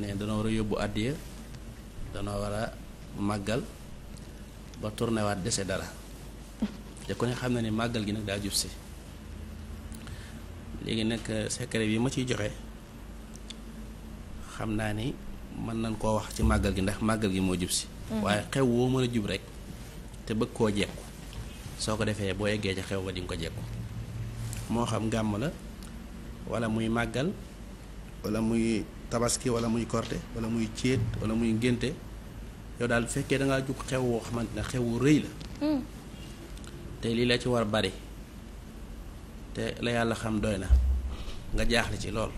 ne dana war a yóbbu àddiya dana war a màggal ba tourné waat dese dara te ku ne xam na ni màggal gi nag daa jub si léegi nag euh, secret bi ma ciy joxe xam naa ni mën nañ koo wax ci màggal gi ndax màggal gi moo jub si mm-hmm. waaye xew woo mën a jub rek te bëgg koo jekku soo ko defee boo eggee ca xew ba di ko jekku moo xam ngàmm la walla muy màggal wala muy tabaski wala muy korte wala muy céet wala muy ngénte yow daal bu fekkee da ngaa jug xew woo xamante ne xewu rëy la. Hmm. te lii la ci war bari te la yàlla xam doy na nga jaaxle ci lool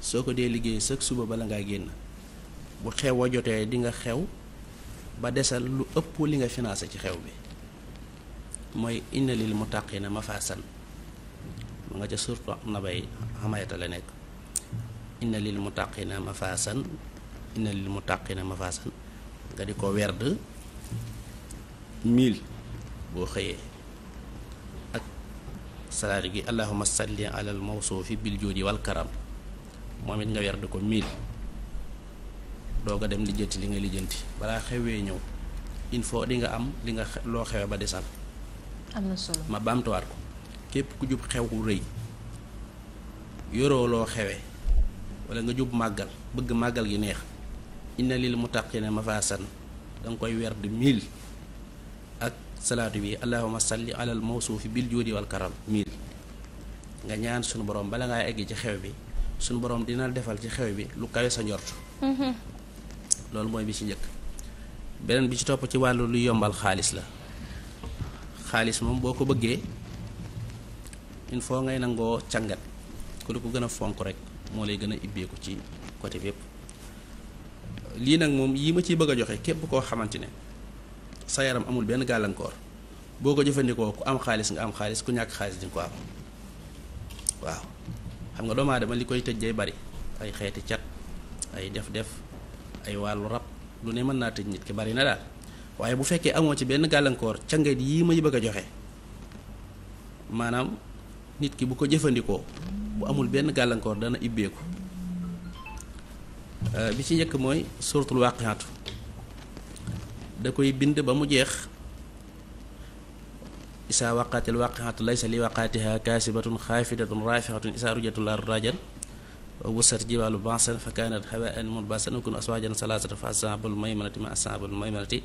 soo ko dee liggéey sëg suba bala ngaa génn bu xew wa jotee di nga xew ba desal lu ëpp li nga finance ci xew bi mooy mu inna lil muttaqina mafasan mu nga ca surtout nabay xamayata la nekk. inna lil muttaqina mafaasan inna lil muttaqina mafaasan nga di ko werd mille boo xëyee ak salaat gi allahuma salli alal mawsuufi bil joodi wal karam moom it nga werd ko mille doo ko dem lijjanti li nga lijjanti balaa xewee ñëw il faut di nga am li nga loo xewe ba desal am na solo ma baamtuwaat ko képp ku jub xew wu rëy yoroo loo xewe wala nga jub màggal bëgg màggal gi neex inna lil muttaqina mafasan da nga koy weer di ak salaatu bi allahumma salli alal mawsuufi bil juudi wal karam miil nga ñaan suñu borom bala ngay egg ci xew bi suñu borom dina defal ci xew bi lu kawe sa njort mm-hmm. loolu mooy bi ci njëkk beneen bi ci topp ci wàllu lu yombal xaalis la xaalis moom boo ko bëggee il faut ngay nangoo càngat ku di ko gën a fonk rek moo lay gën a ibbeeku ci côté bi lii nag moom yii ma ciy bëgg a joxe képp koo xamante ne sa yaram amul benn gàllankoor boo ko jëfandikoo ku am xaalis nga am xaalis ku ñàkk xaalis di ko am waaw xam nga doomu aadama li koy tëj day bari ay xeeti cat ay def-def ay wàllu rab lu ne mën naa tëj nit ki bari na daal waaye bu fekkee amoo ci benn gàllankoor càngat yii may bëgg a joxe maanaam nit ki bu ko jëfandikoo bu amul benn gàllankoor dana ibbeeku euh, bi ci njëkk mooy suratul waqiatu da koy bind ba mu jeex isaa waqaatil waqiatu laysa li waqaatiha kaasibatun xaafidatun raafixatun isaa rujatul ar rajan wusat jibaalu bansan fa kaanat hawaan munbasan wa kun aswaajan salaasata fa ashaabul maymanati ma ashaabul maymanati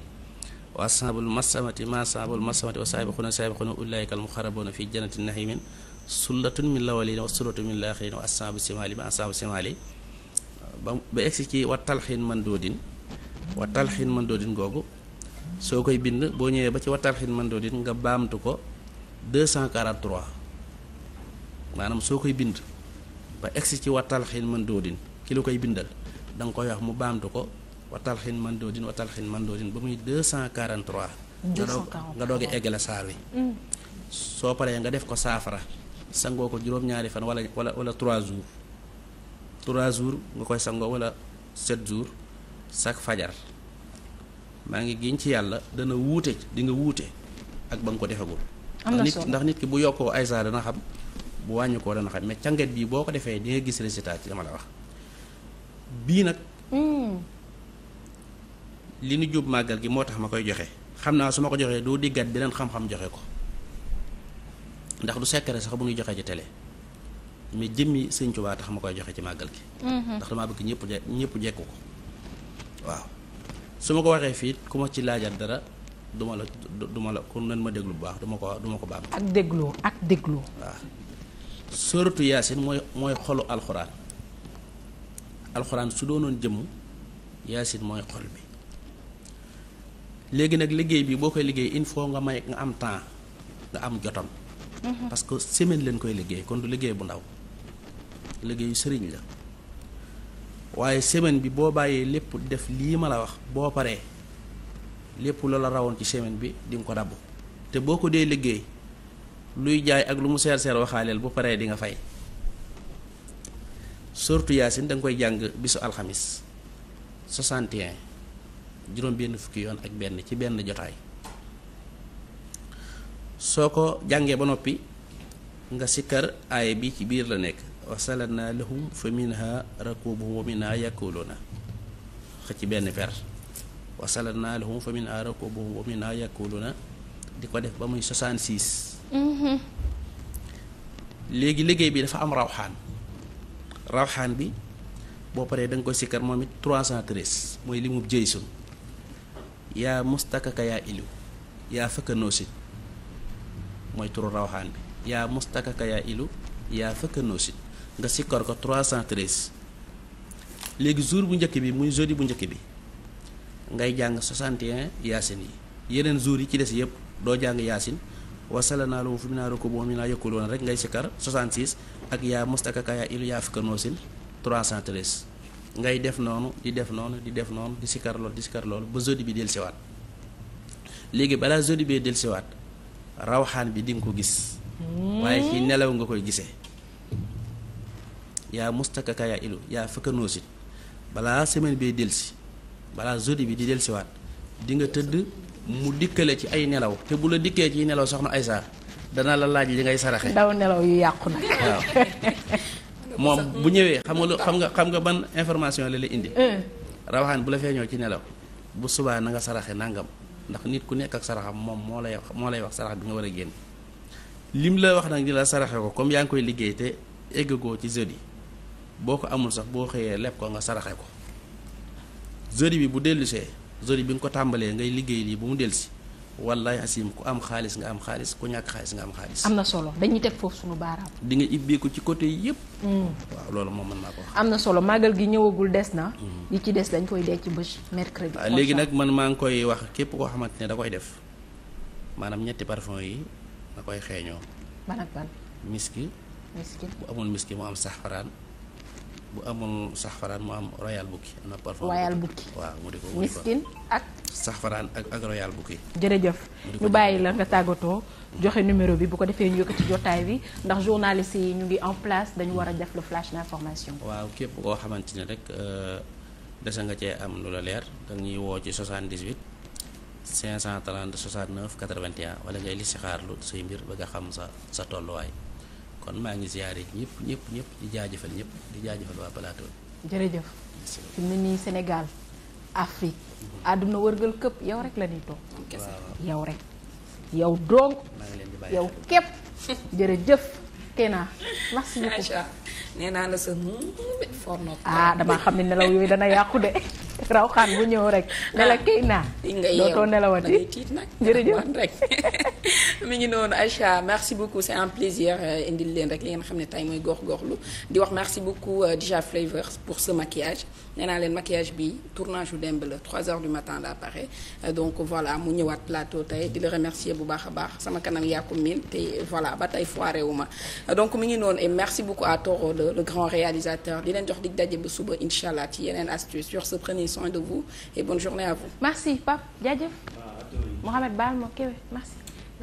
wa ashaabul masamati ma ashaabul masamati wa saabiquna saabiquna ulaika al muxarabuuna fi jannati nahimin sullatun min lawalina wa sullatun min laaxirin wa asaabu simali ba simali ba ba egsi ci wa talxin man doodin wa talxin soo koy bind boo ñëwee ba ci wa talxin man doodin nga baamtu ko 243 maanaam soo koy bind ba egsi ci wa talxin man doodin koy bindal da koy wax mu baamtu ko wa talxin man doodin wa talxin man doodin ba muy nga doog nga doogee saar wi mm. soo paree nga def ko saafara sangoo ko juróom-ñaari fan wala wala wala trois jours trois jours nga koy sangoo wala sept jours chaque fajar maa ngi giñ ci yàlla dana wuute di nga wuute ak ba nga ko defagul. am na solo ndax nit ki bu yokkoo ay saa dana xam bu wàññi koo dana xam mais càngat bii boo ko defee di nga gis résultat ci dama la wax bii nag. Hmm. li nu jub màggal gi moo tax ma koy joxe xam naa su ma ko joxee doo diggaat beneen xam-xam joxe ko. ndax du secret sax bu ñuy joxe ci télé mais jëmmi sëñ Tuubaa tax ma koy joxe ci màggal gi. Mm-hmm. ndax damaa bëgg ñëpp je ñëpp jekku ko waaw. su ma ko waxee fii ku ma ci laajal dara du ma la du ma la ku nan ma déglu bu baax du ko du ko baax. ak dégloo ak dégloo. waaw sóoratu yaasin mooy xolu alxuraan alxuraan su doonoon jëmm yaasin mooy xol bi. léegi nag liggéey bi boo koy liggéey il faut nga may nga am temps nga am jotam. Mm-hmm. parce que semaine leen koy liggéey kon du liggéey bu ndaw liggéeyu sëriñ la waaye semaine bi boo bàyyee lépp def lii ma la wax boo paree lépp la rawoon ci semaine bi di nga ko rabbu te boo ko dee liggéey luy jaay ak lu mu seer seer waxaaleel bu paree di nga fay surtout yaasin da nga koy jàng bisu alxamis 61 juróom benn fukki yoon ak benn ci benn jotaay soo ko jàngee ba noppi nga sikkar aaya bi ci biir la nekk wasalanaa lahum fa minha rakubuhum wa minha yakuluna xëcc benn per wasalanaa lahum fa minha rakubuhum wa minha yakuluna di ko def ba muy 66 mm-hmm. léegi liggéey bi dafa am rawxaan rawxaan bi boo paree da nga koy sikkar moom it 313 mooy li mu jëy sun yaa mustakaka yaa ilu yaa fëkkanoo si mooy turu rawaxaan bi yaa mustakaka yaa ilu yaa fëkkanoosi nga sikkor ko 313 léegi jour bu njëkk bi muy jeudi bu njëkk bi ngay jàng 61 yaasin yi yeneen jour yi ci des yëpp doo jàng yaasin wasala naa lu fu mu naa rokku boo mi naa yokkul woon rek ngay sikkar 66 ak yaa mustakaka yaa ilu yaa fëkkanoosin 313 ngay def noonu di def noonu di def noonu di sikkar loolu di sikkar loolu ba jeudi bi dellusiwaat léegi balaa jeudi bee rawxaan bi di nga ko gis hmm. waaye ci nelaw nga koy gisee yaa mustakaka yaa ilu yaa fëkkanoosit balaa semaine bi delsi balaa jeudi bi di delsiwaat di nga tëdd mu dikkale ci ay nelaw te bu la dikkee ci nelaw soxna ay danaa la laaj li ngay saraxe daw nelaw yu yàqu nag moom bu ñëwee xam nga xam nga xam nga ban information la la indi eh. rawaxaan bu la feeñoo ci nelaw bu subaa na nga saraxe nangam ndax nit ku nekk ak saraxam moom moo lay wax moo lay wax sarax bi nga war a génn lim la wax nag di la saraxe ko comme yaa ngi koy liggéey te eggagoo ci jeudi boo ko amul sax boo xëyee leb ko nga saraxe ko jeudi bi bu dellusee jeudi bi nga ko tàmbalee ngay liggéey lii bu mu dellusi wallaay asim ku am xaalis nga am xaalis ku ñàkk xaalis nga am xaalis. am na solo dañuy teg foofu suñu baaraam. di nga ibbeeku ci côté yëpp. Mm. waaw loolu moom man naa ko wax. am na solo màggal gi ñëwagul des na. yi mm. ci des dañ koy dee ci bés mercredi. Ah, léegi nag man maa ngi koy wax képp koo xamante ne da koy def maanaam ñetti parfum yi da koy xeeñoo. ban ak ban. miski. miski bu amul miski mu am saxfaraan. bu amul saxfaraan mu am royal bukki am miskin ak. safaraan ak ak royal bouquet. jërëjëf ñu bàyyi la nga tàggatoo joxe numéro bi bu ko defee ñu jotaay bi ndax journaliste yi ñu ngi en place dañu war a def le flash d'information. waaw képp koo xamante ne rek euh, dese nga cee am lu la leer dañuy woo ci 78 530 69 81 wala ngay li si xaarlu say mbir ba nga xam sa sa tolluwaay kon maa ngi ziare ñëpp ñëpp ñëpp di jaajëfal ñëpp di jaajëfal waa palaato bi. jërëjëf fi mu nii Sénégal Afrique. àdduna wërgal këpp yow rek la ñuy toog. yow rek yow donc. yow képp jërëjëf. Kena merci beaucoup. nee naa la sa forno. ah damaa xam ne nelaw yooyu dana yàqu de. raw xaan bu ñëw rek ah, ne la kay naa dootoo nelawati jërëjëf rek mi ngi noonu Aïcha merci beaucoup c'est un plaisir euh, indil leen rek li ngeen xam ne tey mooy gox goxlu di wax merci beaucoup euh, déjà Flavor pour ce maquillage nee naa leen maquillage bi tournage u démb la 3 heures du matin la pare euh, donc voilà mu ñëwaat plateau tey di la remercier bu baax a baax sama kanam yaa ko miin te voilà ba tey foiré wu ma donc mi ngi noonu et merci beaucoup à Toro le grand réalisateur leen jox dig daje ba suba incha ci yeneen soin de vous et bonne journée à vous. merci Pape jaajëf. Mohamed Baal ma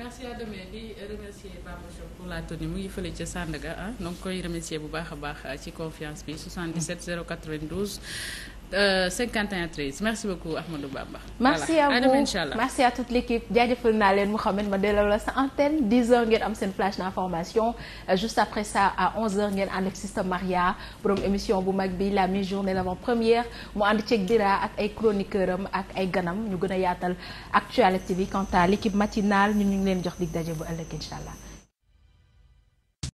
merci. à demain di remercier Bamba Diop pour la tenue mu ngi fële ca Sandaga ah donc koy remercier bu baax a baax ah, ci confiance bi 77 mm. 092. 51 euh, 13 merci beaucoup Ahmadou Bamba. merci à vous merci à toute l'équipe jaajëfal naa leen Mouhamed ma delloo la sa antenne 10h ngeen am seen flash d'information euh, juste après ça à 11h ngeen ànd ak Sista Maria borom émission bu mag bi la mi-journée l'avant-première mu ànd ceeg Dira ak ay chroniqueur ak ay ganam ñu gën a yaatal actualité bi quant à l'équipe matinale ñun ñu ngi leen jox di daje bu ëllëg incha allah.